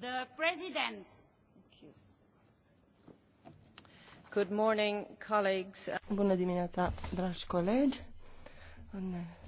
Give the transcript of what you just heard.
The President. Good morning, colleagues. Bună dimineața, dragi colegi.